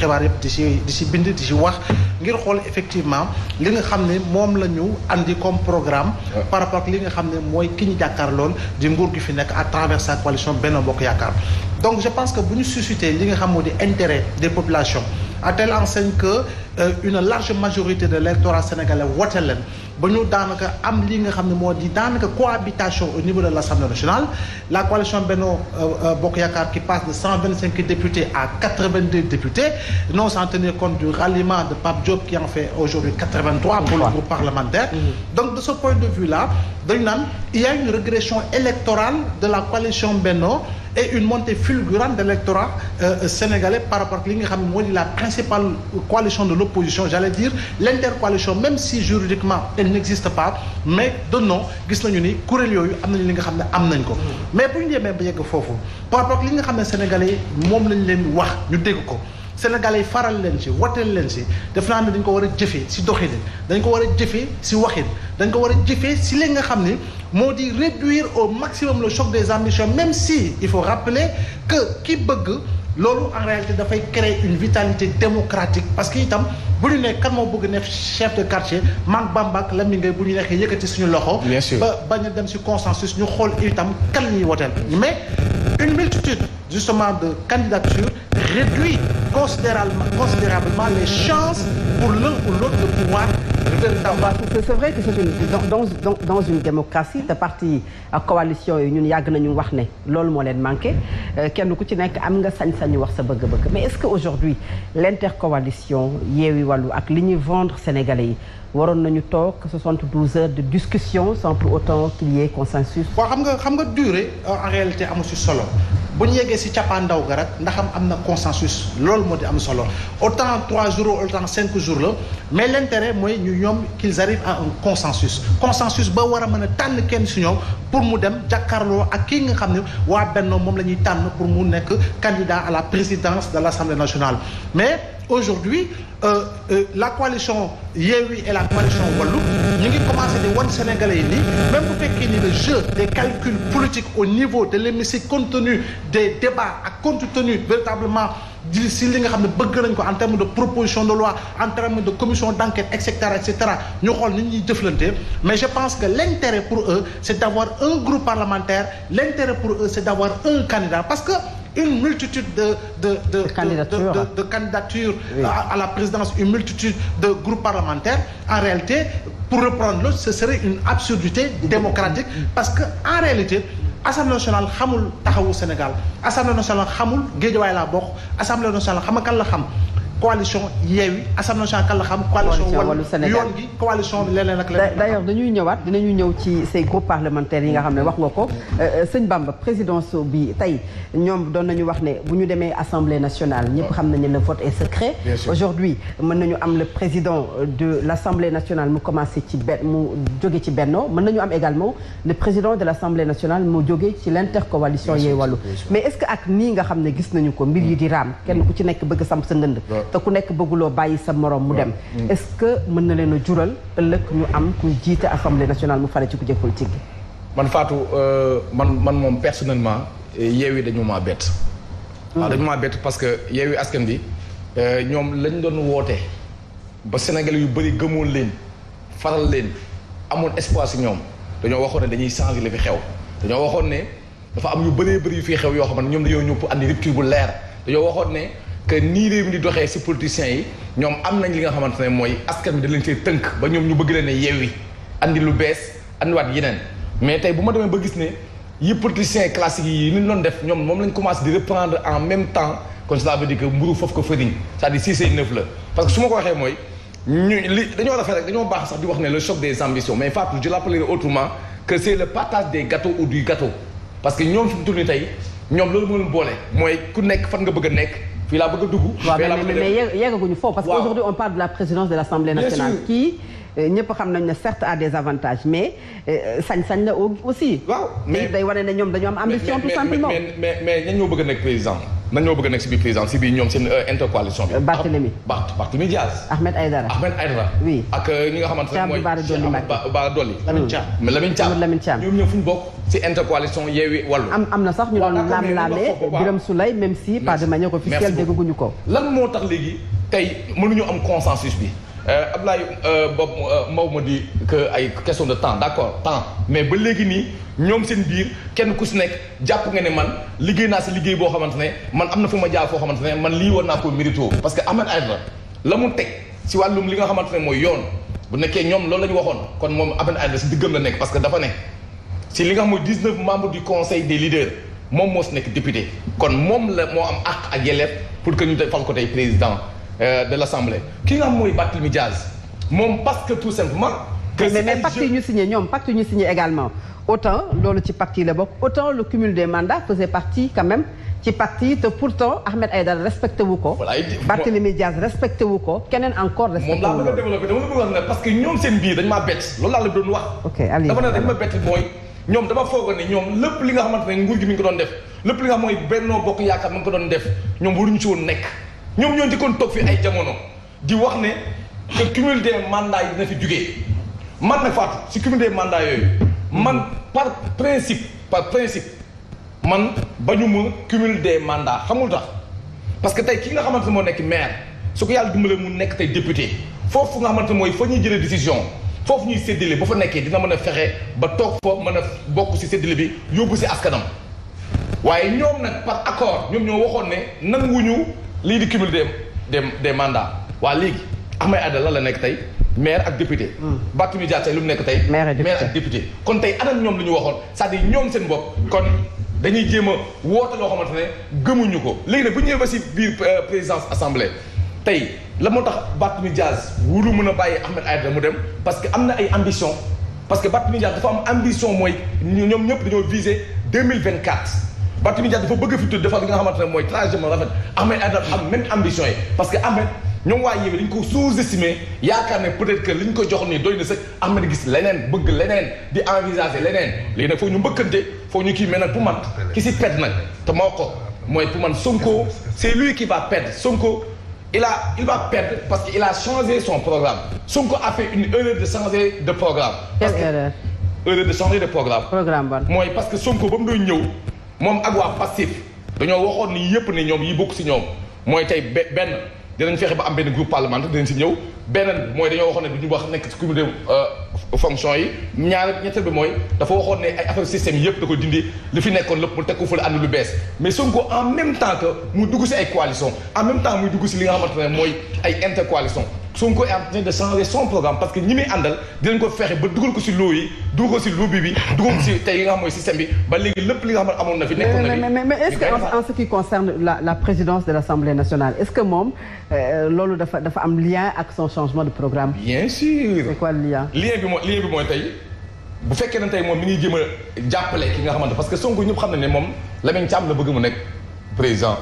xibaar yëpp di si di si bind di si wax ngir xool effectivement li nga xam ne moom la ñu andi comme programme par rapport ak li nga xam ne mooy ki ñu jàkkaar lool di nguur gi fi nekk à travers sa coalition benn Bokk Yaakaar donc je pense que bu ñu suscité li nga xam moo di intérêt des population à telle enseigne que euh, une large majorité de l'électorat sénégalais leen ba ñu daanaka am li nga xam ne moo di daanaka cohabitation au niveau de l'Assemblée nationale la coalition Benno euh, euh, Bokk Yaakaar qui passe de vingt cinq députés à quatre vingt deux non sans tenir compte du ralliement de Pape Diop qui en fait aujourd'hui quatre mm-hmm. donc de ce point de vue là dañu naan de la coalition Benno et une montée fulgurante de l'électorat euh, euh, sénégalais par rapport ak li nga xam moo di la principale coalition de l'opposition j'allais dire l'intercoalition même si juridiquement elle n'existe pas mais de nom gis nañu ni kuréel yooyu am nañu li nga xam ne am nañ ko mm. mais bu ñu demee ba yegg foofu par rapport ak li nga xam ne sénégalais moom lañ leen wax ñu dégg ko Sénégalais yi faral leen ci woteel leen ci def naa ne dañ ko war a jëfee ci doxalin dañ ko war a jëfee ci waxin dañ ko war a jëfee ci li nga xam ni moo di réduire au maximum le choc des ambitions même si il faut rappeler que ki bëgg loolu en réalité dafay créer une vitalité démocratique parce que itam bu ñu nekk kan moo bëgg nekk chef de quartier man bambak la mi ngay bu ñu nekkee yëkkati suñu loxo. bien sûr ba bañ a dem ci consensus ñu xool itam kan ñuy woteel mais une multitude justement de réduit considérablement, considérablement les chances pour l'un ou l'autre de pouvoir véritablement. c'est vrai que c'est une te parti ak euh, coalition yi ñun yàgg nañu wax ne loolu moo leen manqué euh, kenn ku ci nekk am nga sañ-sañu wax sa bëgg-bëgg mais est-ce que aujourd'hui l'intercoalition Yewwi Wallu ak li ñuy vendre Sénégalais yi waroon nañu toog 72 heures de discussion sans pour autant qu'il y ait consensus. waaw xam nga xam nga durée euh, en réalité amu ci solo. bu ñu yeggee si cappaandaw ga rek ndax am na consensus loolu moo di am solo autant trois jours autant cinq jours la mais l' intérêt mooy ñu ñoom qu'ils arrivent à un consensus consensus ba war a mën a tànn kenn si ñoom pour mu dem jàkkaarloo ak kii nga xam ne waa Benno moom la ñuy tànn pour mu nekk candidat à la présidence de l' Assemblée nationale mais aujourd'hui euh, euh, la coalition Yewwi et la coalition Wallu ñu ngi commencé di wan Sénégalais yi nii même bu ni le jeu des calculs politiques au niveau de l'hémicycle compte tenu des débats ak compte véritablement di si li nga xam ne bëgg nañ ko en termes de proposition de loi en termes de commission d'enquête et cetera et cetera ñu xool nit ñuy jëflante mais je pense que l'intérêt pour eux c'est d'avoir un groupe parlementaire l'intérêt pour eux c'est d'avoir un candidat parce une multitude de de de candidature. de de de candidatures à, la présidence une multitude de groupe parlementaires en réalité pour reprendre le ce serait une absurdité démocratique parce que en réalité Assemblée nationale xamul taxawu Sénégal Assemblée nationale xamul Guédiawaye la bokk Assemblée nationale xam kan la xam coalition Yewwi Assemblée nationale kàlla xam. coalition wàllu Sénégal yoon gi coalition bi leneen ak leneen. d'ailleurs dañuy ñëwaat dinañu ñëw ci ces groupes parlementaires yi nga xam ne wax nga ko euh, euh, sëñ Bamba présidence bi tey ñoom doon nañu wax ne bu ñu demee assemblée nationale ñëpp xam nañu ne le vote est secret. aujourd'hui mën nañu am le président de l'assemblée nationale mu commencé ci benn mu jóge ci Benno mën nañu am également le président de l'assemblée nationale mu jóge ci l'intercoalition Yewwi Wallu mais est-ce que ak nii nga xam ne gis nañu ko mbir yi di raam kenn ku ci nekk bëgg samp sa ngënd te ku nekk bëgguloo bàyyi sa moroom mu dem mm. est-ce que mën na leen a jural ëllëg ñu am kuy jiite assemblée nationale mu fare ci ku jëkk politique bi man Fatou euh, man man moom personnellement yeewi dañu maa bett mm. waaw dañu maa bett parce que yi askan bi euh, ñoom lañu doon woote ba Sénégal yu bari gëmoon leen faral leen amoon espoir si ñoom dañoo waxoon ne dañuy changer li fi xew dañoo waxoon ne dafa am yu bëree bëri yu fi xew yoo xam ne ñoom dañoo ñëw pour bu leer dañoo waxoon ne que nii réew mi di doxee si politiciens yi ñoom am nañ li nga xamante ne mooy askan bi da leen tënk ba ñoom ñu bëgg leen ne yeewi andi lu bees andiwaat yeneen mais tey bu ma demee ba gis ne yi politiciens classiques yi ni ñu doon def ñoom moom lañ commencé di reprendre en même temps kon cela veut dire que mburu foofu ko que su ma ko waxee mooy ñu li dañoo rafet rek dañoo baax sax di wax ne le choc des ambitions mais Fatou je l'appellerai autrement que c'est le partage des gâteaux ou du parce que ñoom fi mu toll nii ñoom loolu moo leen boole mooy ku nekk fan nga bëgg a nekk fii laa bëgg a dugg. fii laa bëgg a mais mais yeggaguñu foofu. parce que aujourd'hui on parle de la présidence de l'Assemblée nationale. qui euh, ñëpp xam nañ ne certes a des avantages mais euh, sañ-sañ la aussi. waaw mais day wane ne ñoom dañoo am ambition tout simplement. ñoo bëgg a nekk nan ñoo bëgg a nekk si biir présidence si biir ñoom seen euh, intercoalition bi. Barthélemy Barth Barthélemy Ahmed Aïdara Ahmed Aïdara. oui ak euh, ñi nga xamante ne mooy. Bara Dolly Lamine Thiam Lamine Thiam ñoom ñoom fu ñu bokk si intercoalition Yewwi Wallu. am na sax ñu doon laam-laamee Birame Souleye même si pas de manière officielle dégguñu ko. lan moo tax léegi tey mënuñu am consensus bi. Euh, Ablaye euh, Bob euh, Mbow ma di que ay question de temps d'accord temps mais ba léegi nii ñoom seen biir kenn ku si nekk jàpp nga ne man liggéey naa si liggéey boo xamante ne man am na fu ma jaar foo xamante ne man lii war naa ko mérito parce que am Ahmed Aïdara la mu teg si wàllum li nga xamante ne mooy yoon bu nekkee ñoom loolu lañu waxoon kon moom Ahmed Aïdara si diggam la nekk parce que dafa ne si li nga xam mooy 19 membres du conseil des leaders moom moo si nekk député kon moom la moo am àq ak yelleef pour que ñu fal ko tey président Euh, de l'Assemblée ki nga xam mooy Barthélémy Diaz moom parce que tout simplement. que mais mais pacte ñu signé ñoom pacte yi ñu signé également autant loolu ci pacte yi la bokk autant le cumul des mandats faisait partie quand même. ci parti te pourtant Ahmed Aïdara respecté ko. voilà Barthélémy Diaz respecté wu ko keneen encore. respecté wu ko moom laa bëgg a développé dama la parce que ñoom seen biir dañ maa bett loolu laa la doon wax. ok Aliou dama ne dañ ma bett mooy. ñoom dama foogoon ne ñoom lépp li nga xamante ne nguur gi mi ngi lépp li nga xam mooy Benno Bokk Yaakaar mi ngi ko ñoom ñoo njëkkoon toog fi ay jamono di wax ne que cumul des mandats yi dina fi jugee man na Fatou si cumul des yooyu man par principe par principe man ba ñu ma cumul des mandats xamul tax parce que tey ki nga xamante moo nekk maire su ko yàlla dimbalee mu nekk tey député foofu nga xamante mooy fa ñuy jëlee décision foofu ñuy séddale ba fa nekkee dina mën a fexe ba toog fa mën a bokk si séddale bi yóbbu si askanam waaye ñoom nag par accord ñoom ñoo waxoon ne nanguwuñu lii di cumul des des des mandats waa léegi Ahmed Aïdara lan la nekk tey maire ak député. Hmm. Barthélémy Dias tey lu mu nekk tey. maire ak député kon tey anam ñoom lu ñu waxoon sa à dire ñoom seen bopp kon dañuy jéem a woote loo xamante ne gëmuñu ko léegi nag bu ñëwee ba si biir euh, présidence assemblée tey la moo tax Barthélémy Dias wulu mën a bàyyi Ahmed Aïdara mu dem parce que am na ay ambition parce que Barthélémy Dias dafa am ambition mooy ñoom ñëpp dañoo viser deux mille vingt quatre Barthélémy Dias dafa bëgg a defar li nga xamante ne mooy trajectoire rafet Ahmed Aïdara am même ambition yi parce que Ahmed ñoom waa Yewwi dañ ko sous-estimé yaakaar ne peut-être li ñu ko jox nii doy na sax Ahmed gis leneen bëgg leneen di envisager leneen léegi nag foog ñu mbëkkante foog ñu kii mais nag man ki si perte nag te moo ko mooy pour man Sonko c'est lui qui va perdre Sonko il a il va perdre parce que il a changé son programme Sonko a fait une erreur de changer de programme. parce que parce que Sonko ba mu doon ñëw. moom ak waa Pastef dañoo waxoon ni yëpp ne ñoom yi bokk si ñoom mooy tey benn dinañ fexe ba am benn groupe parlementaire dinañ si ñëw beneen mooy dañoo waxoon ne bi ñu wax nekk si cumul de euh, fonction yi ñaar ñetteel bi mooy dafa waxoon ne ay affaire système yëpp da ko dindi li fi nekkoon lépp mu teg ko fële ànd lu bees mais Sonko en même temps que mu dugg si ay coalition en même temps muy dugg si li nga xamante ne mooy ay intercoalition Sonko est en train de changer son programme parce que ñi muy àndal dinañ ko fexe ba dugal ko si loo yi dugal ko si lobby bi dugal ko si tey li nga xam mooy système bi ba léegi lépp li nga xam ne amoon na fi nekkoon na fi mais mais est-ce que en ce qui concerne la la présidence de l'Assemblée nationale est-ce que moom euh, loolu dafa dafa am lien ak son changement de programme bien sûr c'est quoi le lien lien bi mooy lien bi mooy tey bu fekkee ne tey moom mi ngi jéem a jàppale ki nga xamante parce que Sonko ñëpp xam ne ne moom Lamine Thiam la bëgg mu nekk président